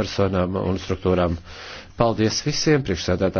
personām un struktūrām. Paldies visiem priekšsēdētājiem!